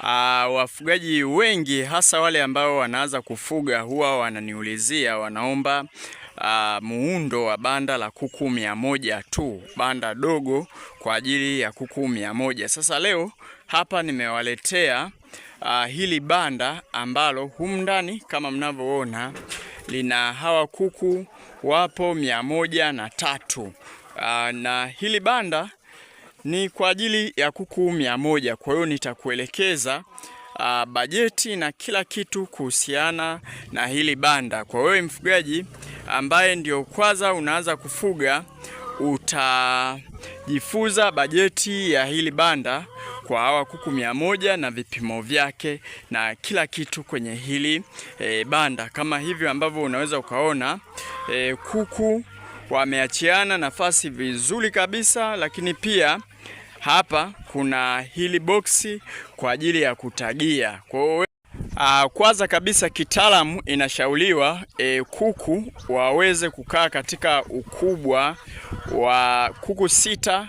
Uh, wafugaji wengi hasa wale ambao wanaanza kufuga huwa wananiulizia, wanaomba uh, muundo wa banda la kuku mia moja tu, banda dogo kwa ajili ya kuku mia moja. Sasa leo hapa nimewaletea uh, hili banda ambalo humu ndani kama mnavyoona lina hawa kuku wapo mia moja na tatu. Uh, na hili banda ni kwa ajili ya kuku mia moja. Kwa hiyo nitakuelekeza uh, bajeti na kila kitu kuhusiana na hili banda. Kwa wewe mfugaji ambaye ndio kwanza unaanza kufuga, utajifuza bajeti ya hili banda kwa hawa kuku mia moja na vipimo vyake na kila kitu kwenye hili e, banda kama hivyo ambavyo unaweza ukaona e, kuku wameachiana nafasi vizuri kabisa, lakini pia hapa kuna hili boksi kwa ajili ya kutagia. Kwa hiyo ah, kwanza kabisa kitaalamu inashauriwa e, kuku waweze kukaa katika ukubwa wa kuku sita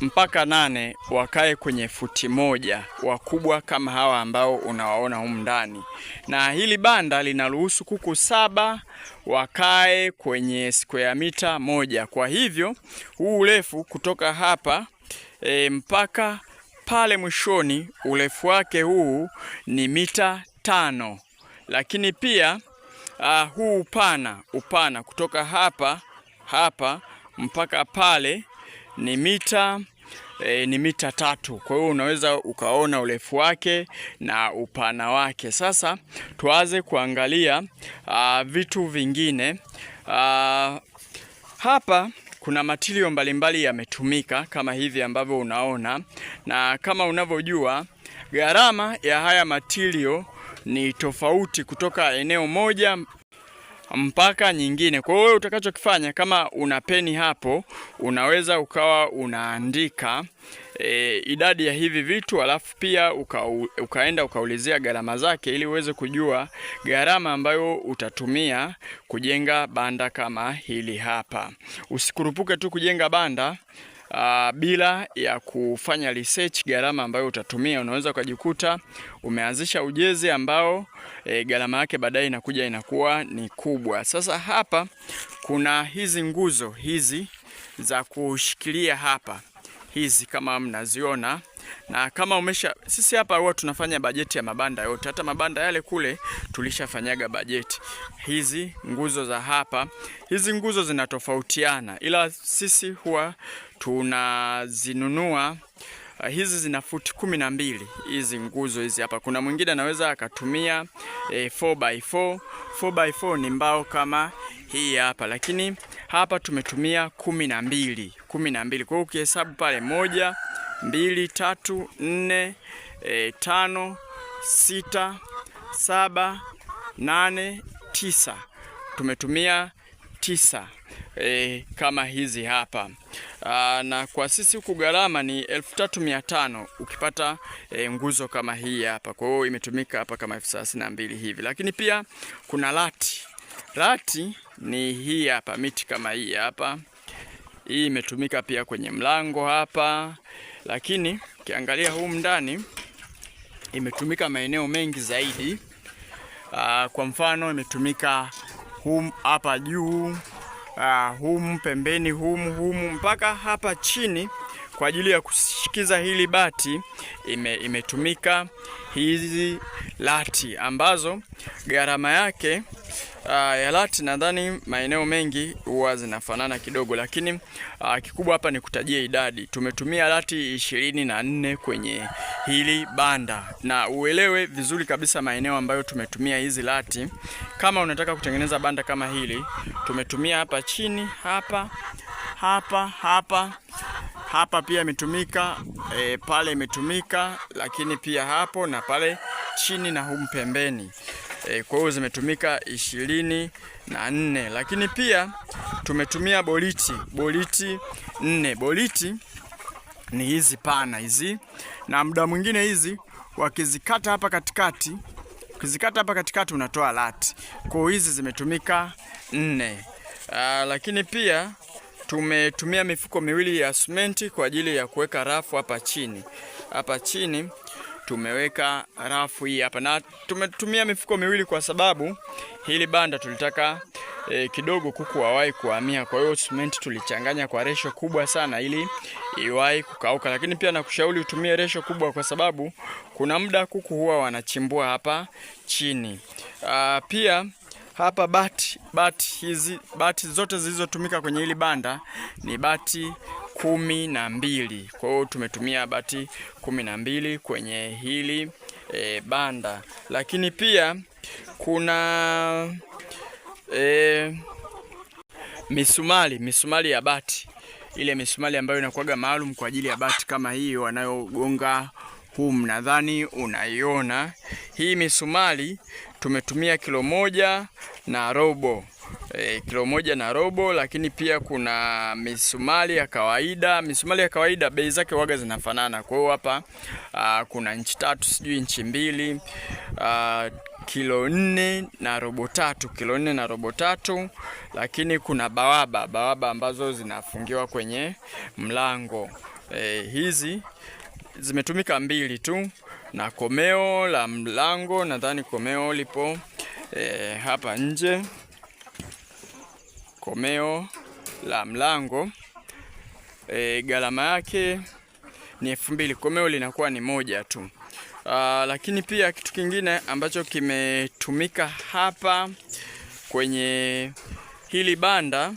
mpaka nane wakae kwenye futi moja, wakubwa kama hawa ambao unawaona humu ndani. Na hili banda linaruhusu kuku saba wakae kwenye square mita moja. Kwa hivyo huu urefu kutoka hapa e, mpaka pale mwishoni, urefu wake huu ni mita tano, lakini pia uh, huu upana upana kutoka hapa hapa mpaka pale ni mita E, ni mita tatu. Kwa hiyo unaweza ukaona urefu wake na upana wake. Sasa tuanze kuangalia a, vitu vingine a, hapa kuna matirio mbalimbali yametumika kama hivi ambavyo unaona, na kama unavyojua gharama ya haya matirio ni tofauti kutoka eneo moja mpaka nyingine. Kwa hiyo utakachokifanya kama una peni hapo, unaweza ukawa unaandika e, idadi ya hivi vitu alafu pia uka, ukaenda ukaulizia gharama zake ili uweze kujua gharama ambayo utatumia kujenga banda kama hili hapa. Usikurupuke tu kujenga banda uh, bila ya kufanya research gharama ambayo utatumia, unaweza ukajikuta umeanzisha ujezi ambao e, gharama yake baadaye inakuja inakuwa ni kubwa. Sasa hapa kuna hizi nguzo hizi za kushikilia hapa hizi kama mnaziona, na kama umesha, sisi hapa huwa tunafanya bajeti ya mabanda yote, hata mabanda yale kule tulishafanyaga bajeti. Hizi nguzo za hapa, hizi nguzo zinatofautiana, ila sisi huwa tunazinunua Uh, hizi zina futi kumi na mbili hizi nguzo hizi hapa. Kuna mwingine anaweza akatumia eh, 4x4. 4x4 ni mbao kama hii hapa, lakini hapa tumetumia kumi na mbili kumi na mbili. Kwa hiyo ukihesabu pale moja, mbili, tatu, nne, e, tano, sita, saba, nane, tisa. Tumetumia tisa e, kama hizi hapa Aa, na kwa sisi huku gharama ni elfu tatu mia tano ukipata e, nguzo kama hii hapa. Kwa hiyo imetumika hapa kama elfu thelathini na mbili hivi, lakini pia kuna lati lati ni hii hapa, miti kama hii hapa. Hii imetumika pia kwenye mlango hapa, lakini ukiangalia huu ndani imetumika maeneo mengi zaidi. Aa, ah, kwa mfano imetumika humu hapa juu, ah, humu pembeni, humu humu mpaka hapa chini kwa ajili ya kushikiza hili bati ime, imetumika hizi lati ambazo gharama yake Uh, ya lati nadhani maeneo mengi huwa zinafanana kidogo, lakini uh, kikubwa hapa ni kutajia idadi. Tumetumia lati ishirini na nne kwenye hili banda, na uelewe vizuri kabisa maeneo ambayo tumetumia hizi lati. Kama unataka kutengeneza banda kama hili, tumetumia hapa chini, hapa hapa hapa hapa pia imetumika e, pale imetumika, lakini pia hapo na pale chini na humu pembeni e, kwa hiyo zimetumika ishirini na nne, lakini pia tumetumia boliti boliti nne. Boliti ni hizi pana hizi, na muda mwingine hizi wakizikata hapa katikati, ukizikata hapa katikati unatoa lati. Kwa hiyo hizi zimetumika nne. Aa, lakini pia Tumetumia mifuko miwili ya simenti kwa ajili ya kuweka rafu hapa chini. Hapa chini tumeweka rafu hii hapa, na tumetumia mifuko miwili kwa sababu hili banda tulitaka e, kidogo kuku wawahi kuhamia. Kwa hiyo simenti tulichanganya kwa resho kubwa sana ili iwahi kukauka, lakini pia nakushauri utumie resho kubwa kwa sababu kuna muda kuku huwa wanachimbua hapa chini. Aa, ah, pia hapa bati bati hizi bati zote zilizotumika kwenye hili banda ni bati kumi na mbili. Kwa hiyo tumetumia bati kumi na mbili kwenye hili e, banda, lakini pia kuna e, misumari misumari ya bati, ile misumari ambayo inakuwaga maalum kwa ajili ya bati kama hii wanayogonga huu, nadhani unaiona hii misumari tumetumia kilo moja na robo e, kilo moja na robo, lakini pia kuna misumali ya kawaida. misumali ya kawaida bei zake waga zinafanana, kwa hiyo hapa kuna nchi tatu sijui nchi mbili a, kilo nne na robo tatu, kilo nne na robo tatu. Lakini kuna bawaba bawaba ambazo zinafungiwa kwenye mlango e, hizi zimetumika mbili tu na komeo la mlango, nadhani komeo lipo e, hapa nje. Komeo la mlango e, gharama yake ni elfu mbili. Komeo linakuwa ni moja tu. Aa, ah, lakini pia kitu kingine ambacho kimetumika hapa kwenye hili banda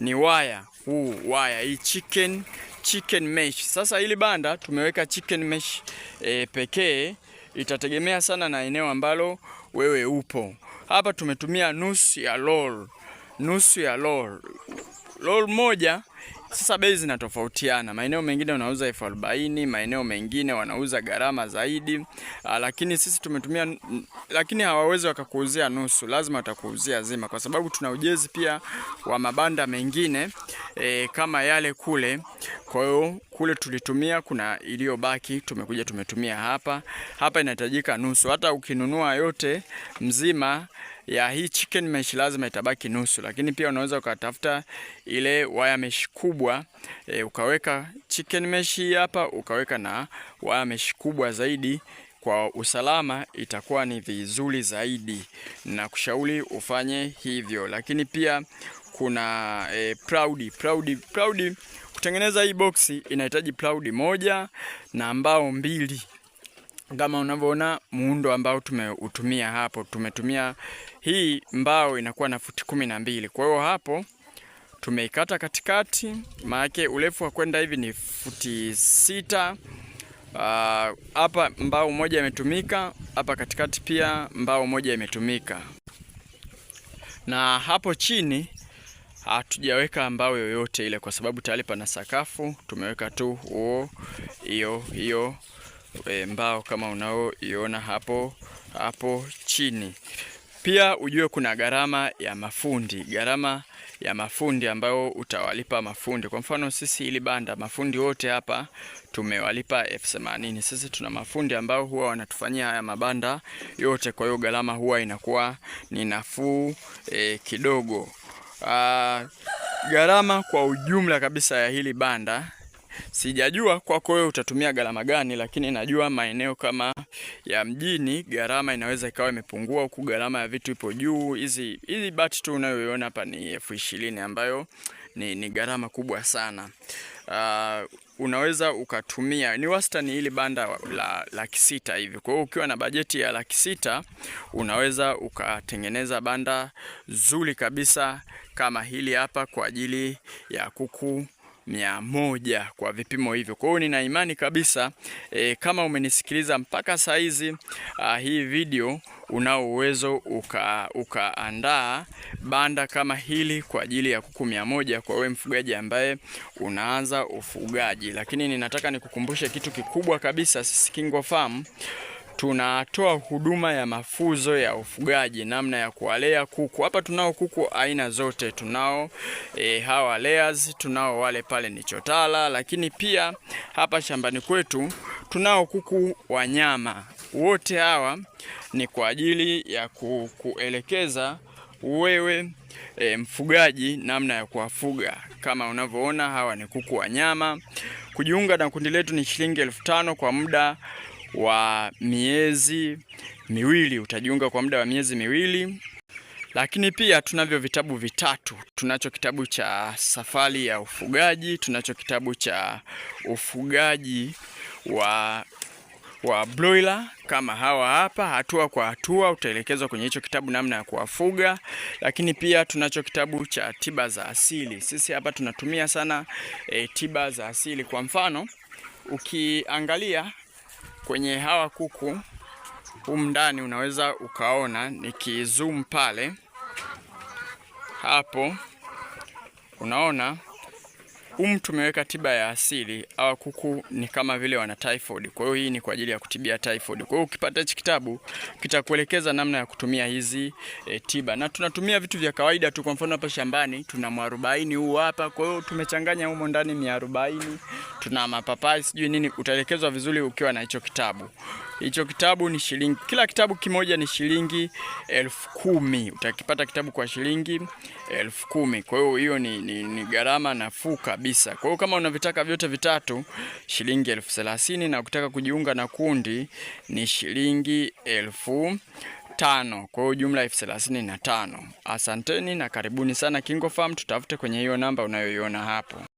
ni waya huu, waya hii chicken chicken mesh. Sasa hili banda tumeweka chicken mesh e, pekee itategemea sana na eneo ambalo wewe upo. Hapa tumetumia nusu ya roll, nusu ya roll, roll moja. Sasa bei zinatofautiana, maeneo mengine wanauza elfu arobaini maeneo mengine wanauza gharama zaidi, ah, lakini sisi tumetumia, lakini hawawezi wakakuuzia nusu, lazima watakuuzia zima, kwa sababu tuna ujezi pia wa mabanda mengine e, kama yale kule. Kwa hiyo kule tulitumia, kuna iliyobaki tumekuja tumetumia hapa. Hapa inahitajika nusu, hata ukinunua yote mzima ya hii chicken mesh lazima itabaki nusu, lakini pia unaweza ukatafuta ile wire mesh kubwa e, ukaweka chicken mesh hii hapa ukaweka na wire mesh kubwa zaidi kwa usalama itakuwa ni vizuri zaidi, na kushauri ufanye hivyo, lakini pia kuna e, proudi proudi proudi. Kutengeneza hii boksi inahitaji proudi moja na mbao mbili, kama unavyoona muundo ambao tumeutumia hapo. Tumetumia hii mbao inakuwa na futi kumi na mbili, kwa hiyo hapo tumeikata katikati, maanake urefu wa kwenda hivi ni futi sita. Ah, hapa uh, mbao moja imetumika hapa katikati, pia mbao moja imetumika na hapo chini hatujaweka mbao yoyote ile kwa sababu tayari pana sakafu, tumeweka tu huo hiyo hiyo e, mbao kama unaoiona hapo hapo chini. Pia ujue kuna gharama ya mafundi, gharama ya mafundi ambayo utawalipa mafundi. Kwa mfano sisi hili banda mafundi wote hapa tumewalipa elfu themanini. Sisi tuna mafundi ambao huwa wanatufanyia haya mabanda yote, kwa hiyo gharama huwa inakuwa ni nafuu e, kidogo. Uh, gharama kwa ujumla kabisa ya hili banda sijajua kwako wewe utatumia gharama gani, lakini najua maeneo kama ya mjini gharama inaweza ikawa imepungua, huku gharama ya vitu ipo juu. Hizi hizi bati tu unayoiona hapa ni elfu ishirini ambayo ni, ni gharama kubwa sana uh, unaweza ukatumia ni wastani hili banda la laki sita hivi. Kwa hiyo ukiwa na bajeti ya laki sita unaweza ukatengeneza banda zuri kabisa kama hili hapa kwa ajili ya kuku mia moja kwa vipimo hivyo. Kwa hiyo nina imani kabisa e, kama umenisikiliza mpaka saizi uh, ah, hii video unao uwezo uka, ukaandaa banda kama hili kwa ajili ya kuku mia moja kwa wewe mfugaji ambaye unaanza ufugaji. Lakini ninataka nikukumbushe kitu kikubwa kabisa, sisi Kingo Farm tunatoa huduma ya mafuzo ya ufugaji, namna ya kuwalea kuku. Hapa tunao kuku aina zote, tunao e, hawa layers, tunao wale pale ni chotala, lakini pia hapa shambani kwetu tunao kuku wa nyama wote hawa ni kwa ajili ya kuelekeza wewe e, mfugaji namna ya kuwafuga. Kama unavyoona hawa ni kuku wa nyama. Kujiunga na kundi letu ni shilingi elfu tano kwa muda wa miezi miwili. Utajiunga kwa muda wa miezi miwili, lakini pia tunavyo vitabu vitatu. Tunacho kitabu cha safari ya ufugaji, tunacho kitabu cha ufugaji wa wa broiler kama hawa hapa. Hatua kwa hatua utaelekezwa kwenye hicho kitabu namna ya kuwafuga, lakini pia tunacho kitabu cha tiba za asili. Sisi hapa tunatumia sana e, tiba za asili. Kwa mfano ukiangalia kwenye hawa kuku humu ndani, unaweza ukaona nikizoom pale hapo, unaona Humu tumeweka tiba ya asili. Hawa kuku ni kama vile wana typhoid, kwa hiyo hii ni kwa ajili ya kutibia typhoid. Kwa hiyo ukipata hichi kitabu kitakuelekeza namna ya kutumia hizi e, tiba, na tunatumia vitu vya kawaida tu. Kwa mfano hapa shambani tuna mwarobaini huu hapa, kwa hiyo tumechanganya humo ndani mia arobaini, tuna mapapai sijui nini. Utaelekezwa vizuri ukiwa na hicho kitabu. Hicho kitabu ni shilingi, kila kitabu kimoja ni shilingi elfu kumi. Utakipata kitabu kwa shilingi elfu kumi. Kwa hiyo hiyo ni, ni, ni gharama nafuu kabisa. Kwa hiyo kama unavitaka vyote vitatu shilingi elfu thelathini na ukitaka kujiunga na kundi ni shilingi elfu tano. Kwa hiyo jumla elfu thelathini na tano. Asanteni na karibuni sana KingoFarm, tutafute kwenye hiyo namba unayoiona hapo.